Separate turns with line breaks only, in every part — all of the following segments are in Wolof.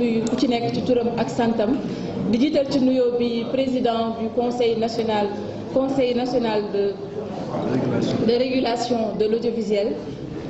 nuyu ci nek ci turam ak santam di ci bi président du conseil national conseil national de de régulation de l'audiovisuel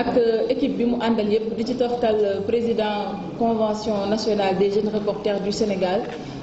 ak euh, équipe bi mu andal di ci euh, président convention nationale des jeunes reporters du Sénégal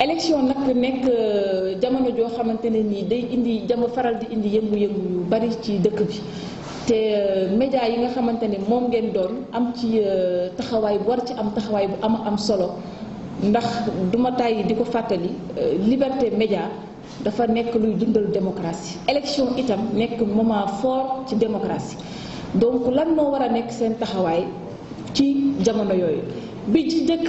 élection nag nekk euh, jamono joo xamante ne nii day indi jama faral di indi yëngu-yëngu yu bari ci dëkk bi te euh, média yi nga xamante ne moom ngeen doon am ci euh, taxawaay bu war ci am taxawaay bu am am solo ndax duma tàyyi di ko fàttali liberté média dafa nekk luy dundal démocratie élection itam nekk moment fort ci démocratie donc lan moo war a nekk seen taxawaay ci jamono yooyu bi ci dëkk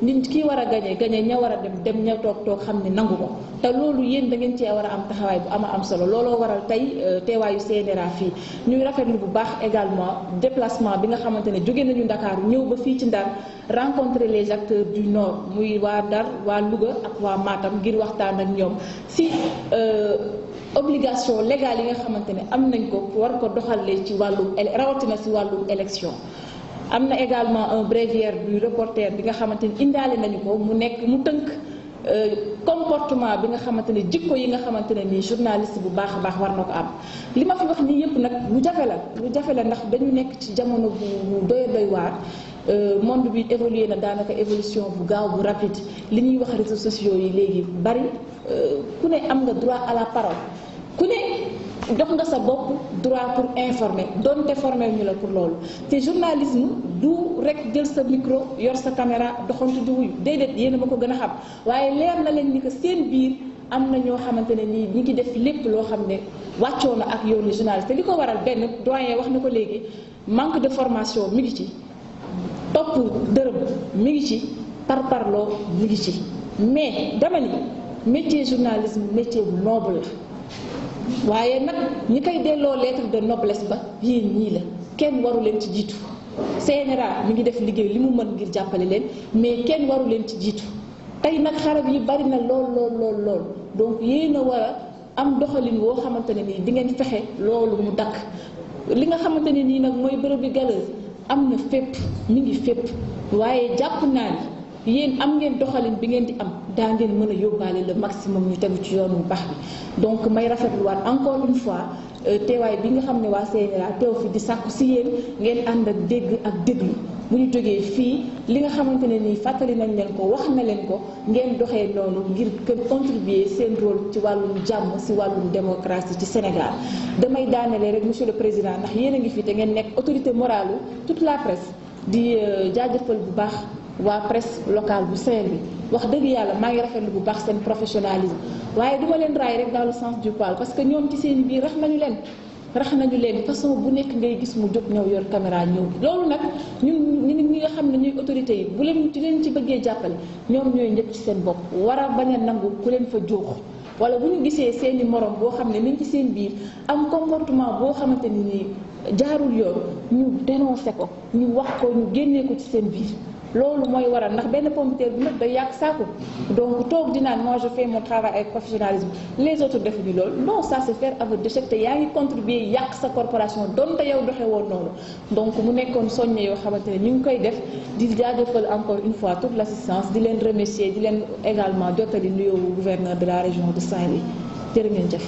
nit kii war a gañe gañe ña war a dem dem ña toog toog xam ne nangu ko te loolu yéen dangeen ngeen cee war a am taxawaay bu ama am solo looloo waral tey euh, teewaayu CNRA fii ñuy rafetlu bu baax également déplacement bi nga xamante ne jóge nañu Ndakaaru ñëw ba fii ci Ndar rencontrer les acteurs du Nord muy waa Ndar waa Louga ak waa maatam ngir waxtaan ak ñoom si euh, obligation légale yi nga xamante ne am nañ ko war ko doxalee ci wàllu rawatina si wàllu élection am na également un brévière du reporter bi nga xamante ni indaale nañu ko mu nekk mu tënk euh, comportement bi nga xamante ni jikko yi nga xamante ne nii journaliste bu baax a baax war na ko am li ma fi wax nii yëpp nag lu jafe la lu jafe la ndax dañu nekk ci jamono bu doy doy waar euh, monde bi évolué na daanaka évolution bu gaaw bu rapide li ñuy wax réseaux sociaux yi léegi bari euh, ku ne am nga droit à la parole ku ne jox nga sa bopp droit pour informer donte formé ñu la pour loolu te journalisme du rek jël sa micro yor sa caméra doxantu di wuyu déedéet yéen a ma ko gën a xam waaye leer na leen ni que seen biir am na ñoo xamante ne nii ñi ngi def lépp loo xam ne wàccoo na ak yoonu journaliste te li ko waral benn doyen wax na ko léegi manque de formation mi ngi ci topp dërëm mi ngi ci par parloo mi ngi ci mais dama ni métier journalisme métier noble la waaye nag ñi koy delloo lettre de noblesse ba yéen ñii la kenn waru leen ci jiitu CNRA mi ngi def liggéey li mu mën ngir jàppale leen mais kenn waru leen ci jiitu tey nag xarab yi bari na lool lool lool donc yéen war a am doxalin woo xamante ne nii di fexe loolu mu dakk li nga xamante ne nii nag mooy bërëb bi galeuse am na fépp mi ngi fépp waaye jàpp naa ni yéen am ngeen doxalin bi ngeen di am daa ngeen mën a yóbbaale le maximum ñu tegu ci yoonu bax bi donc may rafetluwaat encore une fois euh, teewaay bi nga xam ne waa CNRA teew fi di sàkku si yéen ngeen ànd ak dégg ak déglu bu ñu jógee fii li nga xamante ne nii fàttali nañ leen ko wax na leen ko ngeen doxee noonu ngir gën contribuer seen rôle ci wàllum jàmm si wàllum démocratie ci Sénégal damay daanelee rek monsieur le président ndax yéen a ngi fi te ngeen nekk autorité morale toute la presse di euh, jaajëfal bu baax waa presse local bu Saint-Louis wax dëgg yàlla maa ngi rafetlu bu baax seen professionnalisme waaye duma leen raay rek dans le sens du poil parce que ñoom ci seen biir rax nañu leen rax nañu leen façon bu nekk ngay gis mu jóg ñëw yor caméra ñëw loolu nag ñun ñun ñi nga xam ne ñuy autorités yi bu leen ci leen ci bëggee jàppale ñoom ñooy ñëpp ci seen bopp war a bañ a nangu ku leen fa jóox wala bu ñu gisee seeni morom boo xam ne niñ ci seen biir am comportement boo xamante ni jaarul yoon ñu dénoncé ko ñu wax ko ñu génnee ko ci seen biir lolu moy waral ndax ben pompier bi nak da yak saaku donc tok di naan moi je fais mon travail avec professionnalisme les autres defuñu loolu non ça c'est faire avec déchet te yaa ngi contribuer yak sa corporation donte yow doxee woon noonu donc mu nekkoon soññe yo xamante ne ñu ngi koy def di jaajëfal encore une fois toute l'assistance di len remercier di len également jottali nuyo gouverneur de la région de Saint-Louis jërë ngeen jëf